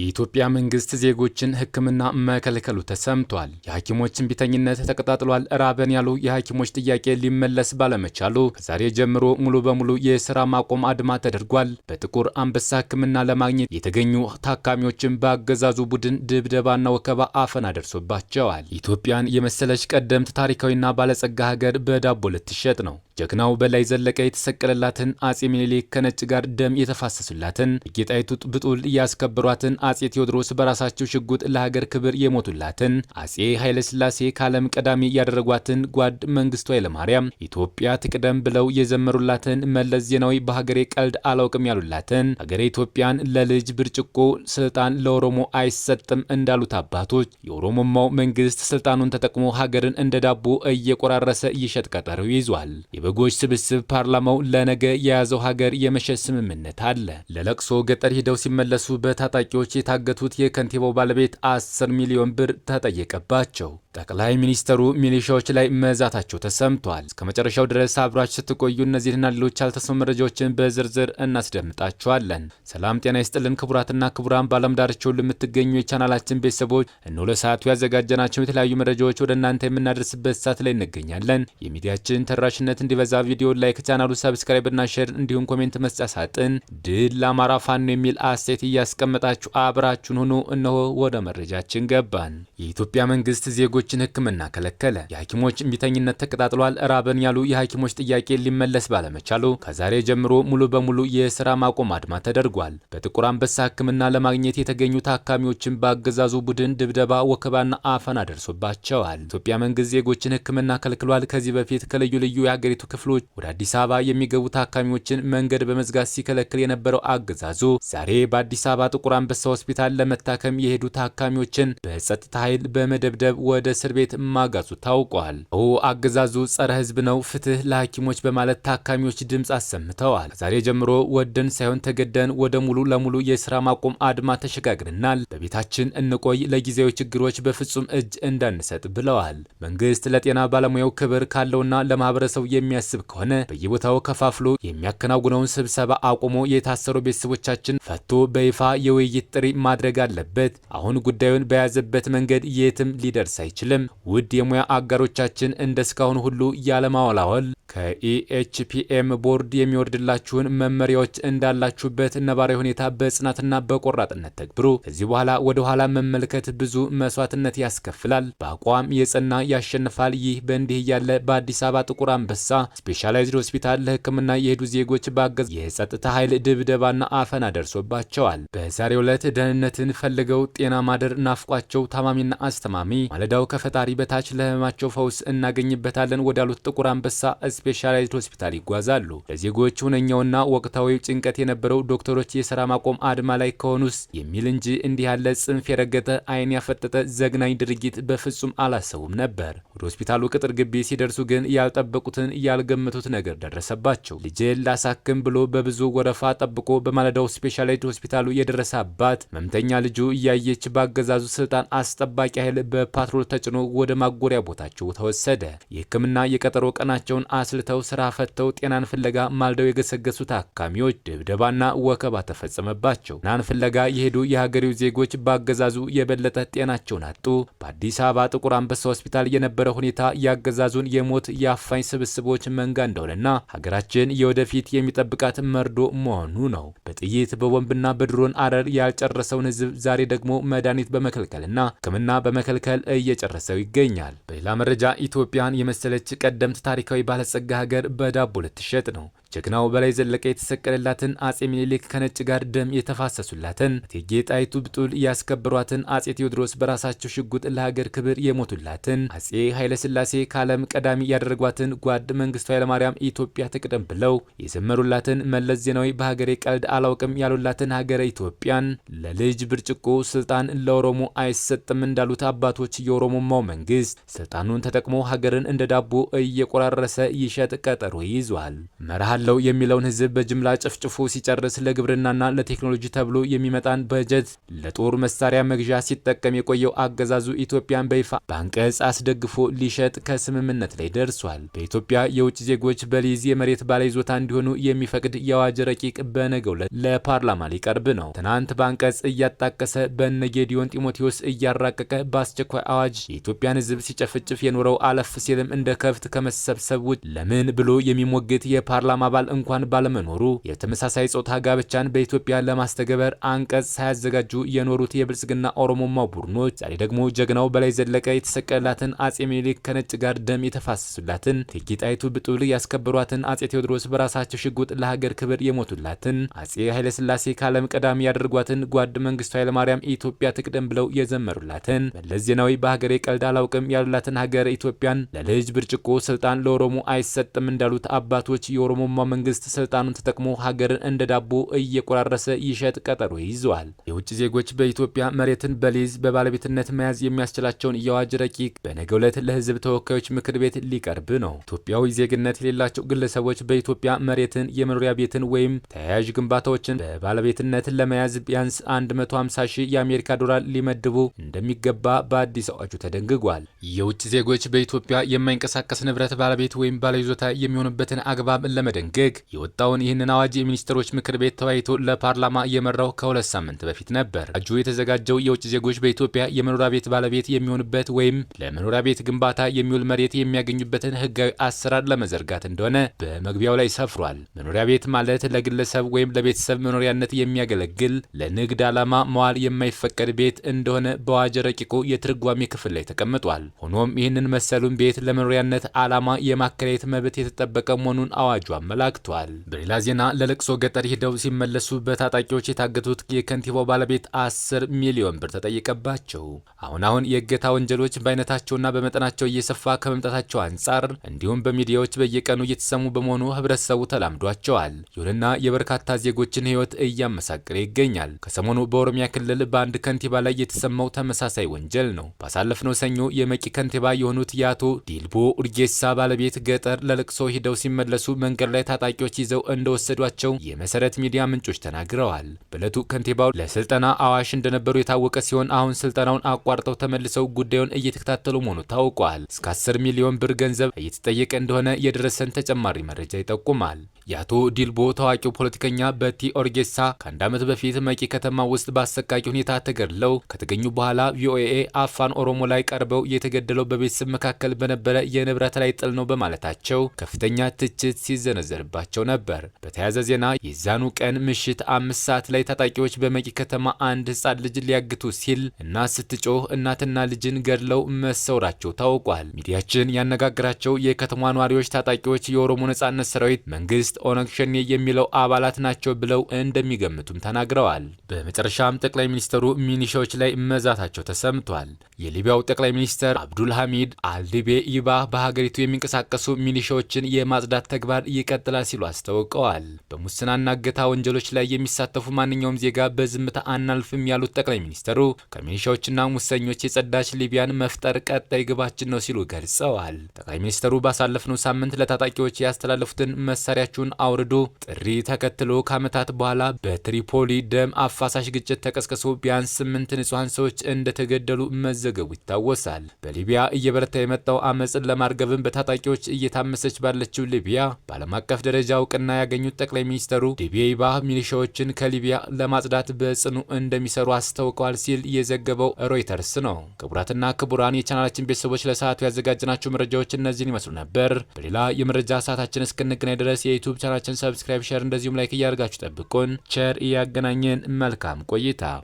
የኢትዮጵያ መንግስት ዜጎችን ሕክምና መከልከሉ ተሰምቷል። የሐኪሞችን ቢተኝነት ተቀጣጥሏል። ራበን ያሉ የሐኪሞች ጥያቄ ሊመለስ ባለመቻሉ ከዛሬ ጀምሮ ሙሉ በሙሉ የስራ ማቆም አድማ ተደርጓል። በጥቁር አንበሳ ሕክምና ለማግኘት የተገኙ ታካሚዎችን በአገዛዙ ቡድን ድብደባና ወከባ አፈና ደርሶባቸዋል። ኢትዮጵያን የመሰለች ቀደምት ታሪካዊና ባለጸጋ ሀገር በዳቦ ልትሸጥ ነው። ጀግናው በላይ ዘለቀ የተሰቀለላትን አጼ ምኒልክ ከነጭ ጋር ደም የተፋሰሱላትን ጌጣይቱ ብጡል እያስከበሯትን አጼ ቴዎድሮስ በራሳቸው ሽጉጥ ለሀገር ክብር የሞቱላትን አጼ ኃይለስላሴ ከዓለም ቀዳሚ ያደረጓትን ጓድ መንግስቱ ኃይለማርያም ኢትዮጵያ ትቅደም ብለው የዘመሩላትን መለስ ዜናዊ በሀገሬ ቀልድ አላውቅም ያሉላትን ሀገሬ ኢትዮጵያን ለልጅ ብርጭቆ ስልጣን ለኦሮሞ አይሰጥም እንዳሉት አባቶች የኦሮሞማው መንግስት ስልጣኑን ተጠቅሞ ሀገርን እንደ ዳቦ እየቆራረሰ ይሸጥ ቀጠረው ይዟል። የበጎች ስብስብ ፓርላማው ለነገ የያዘው ሀገር የመሸት ስምምነት አለ። ለለቅሶ ገጠር ሂደው ሲመለሱ በታጣቂዎች የታገቱት የከንቲባው ባለቤት 10 ሚሊዮን ብር ተጠየቀባቸው። ጠቅላይ ሚኒስተሩ ሚሊሻዎች ላይ መዛታቸው ተሰምቷል። እስከ መጨረሻው ድረስ አብራችሁ ስትቆዩ እነዚህና ሌሎች ያልተሰሙ መረጃዎችን በዝርዝር እናስደምጣችኋለን። ሰላም ጤና ይስጥልን ክቡራትና ክቡራን በዓለም ዳርቻው ለምትገኙ የቻናላችን ቤተሰቦች እንሆ ለሰዓቱ ያዘጋጀናቸው የተለያዩ መረጃዎች ወደ እናንተ የምናደርስበት ሰዓት ላይ እንገኛለን። የሚዲያችን ተደራሽነት እንዲበዛ ቪዲዮ ላይክ፣ ቻናሉ ሰብስክራይብና ሼር እንዲሁም ኮሜንት መስጫ ሳጥን ድል ለአማራ ፋኖ የሚል አስተያየት እያስቀመጣችሁ አብራችን ሆኖ እነሆ ወደ መረጃችን ገባን። የኢትዮጵያ መንግስት ዜጎችን ሕክምና ከለከለ። የሐኪሞች እምቢተኝነት ተቀጣጥሏል። ራበን ያሉ የሐኪሞች ጥያቄ ሊመለስ ባለመቻሉ ከዛሬ ጀምሮ ሙሉ በሙሉ የስራ ማቆም አድማ ተደርጓል። በጥቁር አንበሳ ሕክምና ለማግኘት የተገኙ ታካሚዎችን በአገዛዙ ቡድን ድብደባ፣ ወከባና አፈና ደርሶባቸዋል። ኢትዮጵያ መንግስት ዜጎችን ሕክምና ከልክሏል። ከዚህ በፊት ከልዩ ልዩ የሀገሪቱ ክፍሎች ወደ አዲስ አበባ የሚገቡ ታካሚዎችን መንገድ በመዝጋት ሲከለክል የነበረው አገዛዙ ዛሬ በአዲስ አበባ ጥቁር አንበሳ ሆስፒታል ለመታከም የሄዱ ታካሚዎችን በጸጥታ ኃይል በመደብደብ ወደ እስር ቤት ማጋዙ ታውቋል። እሁ አገዛዙ ጸረ ህዝብ ነው፣ ፍትህ ለሐኪሞች በማለት ታካሚዎች ድምፅ አሰምተዋል። ከዛሬ ጀምሮ ወደን ሳይሆን ተገደን ወደ ሙሉ ለሙሉ የስራ ማቆም አድማ ተሸጋግረናል። በቤታችን እንቆይ፣ ለጊዜያዊ ችግሮች በፍጹም እጅ እንዳንሰጥ ብለዋል። መንግስት ለጤና ባለሙያው ክብር ካለውና ለማህበረሰቡ የሚያስብ ከሆነ በየቦታው ከፋፍሎ የሚያከናውነውን ስብሰባ አቁሞ የታሰሩ ቤተሰቦቻችን ፈቶ በይፋ የውይይት ጥሪ ተግባራዊ ማድረግ አለበት። አሁን ጉዳዩን በያዘበት መንገድ የትም ሊደርስ አይችልም። ውድ የሙያ አጋሮቻችን እንደ እስካሁን ሁሉ ያለማወላወል ከኢኤችፒኤም ቦርድ የሚወርድላችሁን መመሪያዎች እንዳላችሁበት ነባራዊ ሁኔታ በጽናትና በቆራጥነት ተግብሩ። ከዚህ በኋላ ወደ ኋላ መመልከት ብዙ መስዋዕትነት ያስከፍላል። በአቋም የጸና ያሸንፋል። ይህ በእንዲህ እያለ በአዲስ አበባ ጥቁር አንበሳ ስፔሻላይዝድ ሆስፒታል ለሕክምና የሄዱ ዜጎች በአገዝ የጸጥታ ኃይል ድብደባና አፈና ደርሶባቸዋል። በዛሬው ዕለት ደህንነትን ፈልገው ጤና ማደር ናፍቋቸው ታማሚና አስተማሚ ማለዳው ከፈጣሪ በታች ለህመማቸው ፈውስ እናገኝበታለን ወዳሉት ጥቁር አንበሳ ስፔሻላይዝድ ሆስፒታል ይጓዛሉ። ለዜጎች ሁነኛውና ወቅታዊ ጭንቀት የነበረው ዶክተሮች የስራ ማቆም አድማ ላይ ከሆኑስ የሚል እንጂ እንዲህ ያለ ጽንፍ የረገጠ ዓይን ያፈጠጠ ዘግናኝ ድርጊት በፍጹም አላሰቡም ነበር። ወደ ሆስፒታሉ ቅጥር ግቢ ሲደርሱ ግን ያልጠበቁትን ያልገመቱት ነገር ደረሰባቸው። ልጄን ላሳክም ብሎ በብዙ ወረፋ ጠብቆ በማለዳው ስፔሻላይዝድ ሆስፒታሉ የደረሰ አባት መምተኛ ልጁ እያየች በአገዛዙ ስልጣን አስጠባቂ ኃይል በፓትሮል ተጭኖ ወደ ማጎሪያ ቦታቸው ተወሰደ። የሕክምና የቀጠሮ ቀናቸውን አ አስልተው ስራ ፈተው ጤናን ፍለጋ ማልደው የገሰገሱ ታካሚዎች ድብደባና ወከባ ተፈጸመባቸው። ናን ፍለጋ የሄዱ የሀገሬው ዜጎች በአገዛዙ የበለጠ ጤናቸውን አጡ። በአዲስ አበባ ጥቁር አንበሳ ሆስፒታል የነበረ ሁኔታ ያገዛዙን የሞት የአፋኝ ስብስቦች መንጋ እንደሆነና ሀገራችን የወደፊት የሚጠብቃት መርዶ መሆኑ ነው። በጥይት በቦምብና በድሮን አረር ያልጨረሰውን ህዝብ ዛሬ ደግሞ መድኃኒት በመከልከልና ሕክምና በመከልከል እየጨረሰው ይገኛል። በሌላ መረጃ ኢትዮጵያን የመሰለች ቀደምት ታሪካዊ ባለጸ የምትሰጋ ሀገር በዳቦ ልትሸጥ ነው። ጀግናው በላይ ዘለቀ የተሰቀለላትን አጼ ሚኒሊክ ከነጭ ጋር ደም የተፋሰሱላትን እቴጌ ጣይቱ ብጡል ያስከበሯትን አጼ ቴዎድሮስ በራሳቸው ሽጉጥ ለሀገር ክብር የሞቱላትን አጼ ኃይለስላሴ ከዓለም ቀዳሚ ያደረጓትን ጓድ መንግስቱ ኃይለማርያም ኢትዮጵያ ትቅደም ብለው የዘመሩላትን መለስ ዜናዊ በሀገሬ ቀልድ አላውቅም ያሉላትን ሀገረ ኢትዮጵያን ለልጅ ብርጭቆ ስልጣን ለኦሮሞ አይሰጥም እንዳሉት አባቶች የኦሮሞማው መንግስት ስልጣኑን ተጠቅሞ ሀገርን እንደ ዳቦ እየቆራረሰ ይሸጥ ቀጠሮ ይዟል። መርሃ አለው የሚለውን ህዝብ በጅምላ ጨፍጭፎ ሲጨርስ ለግብርናና ለቴክኖሎጂ ተብሎ የሚመጣን በጀት ለጦር መሳሪያ መግዣ ሲጠቀም የቆየው አገዛዙ ኢትዮጵያን በይፋ በአንቀጽ አስደግፎ ሊሸጥ ከስምምነት ላይ ደርሷል። በኢትዮጵያ የውጭ ዜጎች በሊዝ የመሬት ባለይዞታ እንዲሆኑ የሚፈቅድ የአዋጅ ረቂቅ በነገው ዕለት ለፓርላማ ሊቀርብ ነው። ትናንት በአንቀጽ እያጣቀሰ በነጌዲዮን ጢሞቴዎስ እያራቀቀ በአስቸኳይ አዋጅ የኢትዮጵያን ህዝብ ሲጨፍጭፍ የኖረው አለፍ ሲልም እንደ ከብት ከመሰብሰብ ውጭ ለምን ብሎ የሚሞግት የፓርላማ አባል እንኳን ባለመኖሩ የተመሳሳይ ጾታ ጋብቻን በኢትዮጵያ ለማስተገበር አንቀጽ ሳያዘጋጁ የኖሩት የብልጽግና ኦሮሞማ ቡድኖች ዛሬ ደግሞ ጀግናው በላይ ዘለቀ የተሰቀላትን አጼ ሚኒሊክ ከነጭ ጋር ደም የተፋሰሱላትን እቴጌ ጣይቱ ብጡል ያስከበሯትን አጼ ቴዎድሮስ በራሳቸው ሽጉጥ ለሀገር ክብር የሞቱላትን አጼ ኃይለስላሴ ከዓለም ቀዳሚ ያደርጓትን ጓድ መንግስቱ ኃይለማርያም ኢትዮጵያ ትቅደም ብለው የዘመሩላትን መለስ ዜናዊ በሀገሬ ቀልድ አላውቅም ያሉላትን ሀገር ኢትዮጵያን ለልጅ ብርጭቆ ስልጣን ለኦሮሞ አይሰጥም እንዳሉት አባቶች የኦሮሞ የፓርላማ መንግስት ስልጣኑን ተጠቅሞ ሀገርን እንደ ዳቦ እየቆራረሰ ይሸጥ ቀጠሮ ይዟል። የውጭ ዜጎች በኢትዮጵያ መሬትን በሊዝ በባለቤትነት መያዝ የሚያስችላቸውን የአዋጅ ረቂቅ በነገ ዕለት ለህዝብ ተወካዮች ምክር ቤት ሊቀርብ ነው። ኢትዮጵያዊ ዜግነት የሌላቸው ግለሰቦች በኢትዮጵያ መሬትን፣ የመኖሪያ ቤትን ወይም ተያያዥ ግንባታዎችን በባለቤትነት ለመያዝ ቢያንስ 150 ሺህ የአሜሪካ ዶላር ሊመድቡ እንደሚገባ በአዲስ አዋጁ ተደንግጓል። የውጭ ዜጎች በኢትዮጵያ የማይንቀሳቀስ ንብረት ባለቤት ወይም ባለይዞታ የሚሆኑበትን አግባብ ለመደንገግ በድንግግ የወጣውን ይህንን አዋጅ የሚኒስትሮች ምክር ቤት ተወያይቶ ለፓርላማ የመራው ከሁለት ሳምንት በፊት ነበር። አዋጁ የተዘጋጀው የውጭ ዜጎች በኢትዮጵያ የመኖሪያ ቤት ባለቤት የሚሆኑበት ወይም ለመኖሪያ ቤት ግንባታ የሚውል መሬት የሚያገኙበትን ህጋዊ አሰራር ለመዘርጋት እንደሆነ በመግቢያው ላይ ሰፍሯል። መኖሪያ ቤት ማለት ለግለሰብ ወይም ለቤተሰብ መኖሪያነት የሚያገለግል ለንግድ ዓላማ መዋል የማይፈቀድ ቤት እንደሆነ በአዋጅ ረቂቁ የትርጓሜ ክፍል ላይ ተቀምጧል። ሆኖም ይህንን መሰሉን ቤት ለመኖሪያነት ዓላማ የማከራየት መብት የተጠበቀ መሆኑን አዋጁ አመላል ተመላክቷል። በሌላ ዜና ለለቅሶ ገጠር ሄደው ሲመለሱ በታጣቂዎች የታገቱት የከንቲባው ባለቤት አስር ሚሊዮን ብር ተጠየቀባቸው። አሁን አሁን የእገታ ወንጀሎች በአይነታቸውና በመጠናቸው እየሰፋ ከመምጣታቸው አንጻር እንዲሁም በሚዲያዎች በየቀኑ እየተሰሙ በመሆኑ ህብረተሰቡ ተላምዷቸዋል። ይሁንና የበርካታ ዜጎችን ህይወት እያመሳቀለ ይገኛል። ከሰሞኑ በኦሮሚያ ክልል በአንድ ከንቲባ ላይ የተሰማው ተመሳሳይ ወንጀል ነው። ባሳለፍነው ሰኞ የመቂ ከንቲባ የሆኑት የአቶ ዲልቦ ኡርጌሳ ባለቤት ገጠር ለለቅሶ ሂደው ሲመለሱ መንገድ ላይ ታጣቂዎች ይዘው እንደወሰዷቸው የመሰረት ሚዲያ ምንጮች ተናግረዋል። በእለቱ ከንቲባው ለስልጠና አዋሽ እንደነበሩ የታወቀ ሲሆን አሁን ስልጠናውን አቋርጠው ተመልሰው ጉዳዩን እየተከታተሉ መሆኑ ታውቋል። እስከ 10 ሚሊዮን ብር ገንዘብ እየተጠየቀ እንደሆነ የደረሰን ተጨማሪ መረጃ ይጠቁማል። የአቶ ዲልቦ ታዋቂው ፖለቲከኛ በቲ ኦርጌሳ ከአንድ ዓመት በፊት መቂ ከተማ ውስጥ በአሰቃቂ ሁኔታ ተገድለው ከተገኙ በኋላ ቪኦኤ አፋን ኦሮሞ ላይ ቀርበው የተገደለው በቤተሰብ መካከል በነበረ የንብረት ላይ ጥል ነው በማለታቸው ከፍተኛ ትችት ሲዘነዘ ይሰነዘርባቸው ነበር። በተያያዘ ዜና የዛኑ ቀን ምሽት አምስት ሰዓት ላይ ታጣቂዎች በመቂ ከተማ አንድ ህጻን ልጅ ሊያግቱ ሲል እናት ስትጮህ እናትና ልጅን ገድለው መሰውራቸው ታውቋል። ሚዲያችን ያነጋግራቸው የከተማ ነዋሪዎች ታጣቂዎች የኦሮሞ ነጻነት ሰራዊት መንግስት ኦነግ ሸኔ የሚለው አባላት ናቸው ብለው እንደሚገምቱም ተናግረዋል። በመጨረሻም ጠቅላይ ሚኒስትሩ ሚኒሻዎች ላይ መዛታቸው ተሰምቷል። የሊቢያው ጠቅላይ ሚኒስትር አብዱል ሐሚድ አልዲቤ ይባ በሀገሪቱ የሚንቀሳቀሱ ሚኒሻዎችን የማጽዳት ተግባር ይቀጥ ይቀጥላል ሲሉ አስታውቀዋል። በሙስናና እገታ ወንጀሎች ላይ የሚሳተፉ ማንኛውም ዜጋ በዝምታ አናልፍም ያሉት ጠቅላይ ሚኒስትሩ ከሚሊሻዎችና ሙሰኞች የጸዳች ሊቢያን መፍጠር ቀጣይ ግባችን ነው ሲሉ ገልጸዋል። ጠቅላይ ሚኒስትሩ ባሳለፍነው ሳምንት ለታጣቂዎች ያስተላለፉትን መሳሪያችሁን አውርዶ ጥሪ ተከትሎ ከዓመታት በኋላ በትሪፖሊ ደም አፋሳሽ ግጭት ተቀስቅሶ ቢያንስ ስምንት ንጹሐን ሰዎች እንደተገደሉ መዘገቡ ይታወሳል። በሊቢያ እየበረታ የመጣው አመፅን ለማርገብን በታጣቂዎች እየታመሰች ባለችው ሊቢያ በዓለም አቀፍ አቀፍ ደረጃ እውቅና ያገኙት ጠቅላይ ሚኒስተሩ ዲቤይባ ሚሊሻዎችን ከሊቢያ ለማጽዳት በጽኑ እንደሚሰሩ አስታውቀዋል ሲል የዘገበው ሮይተርስ ነው። ክቡራትና ክቡራን የቻናላችን ቤተሰቦች ለሰዓቱ ያዘጋጅናቸው መረጃዎች እነዚህን ይመስሉ ነበር። በሌላ የመረጃ ሰዓታችን እስክንገናኝ ድረስ የዩቱብ ቻናላችን ሰብስክራይብ፣ ሸር እንደዚሁም ላይክ እያደርጋችሁ ጠብቁን። ቸር እያገናኘን መልካም ቆይታ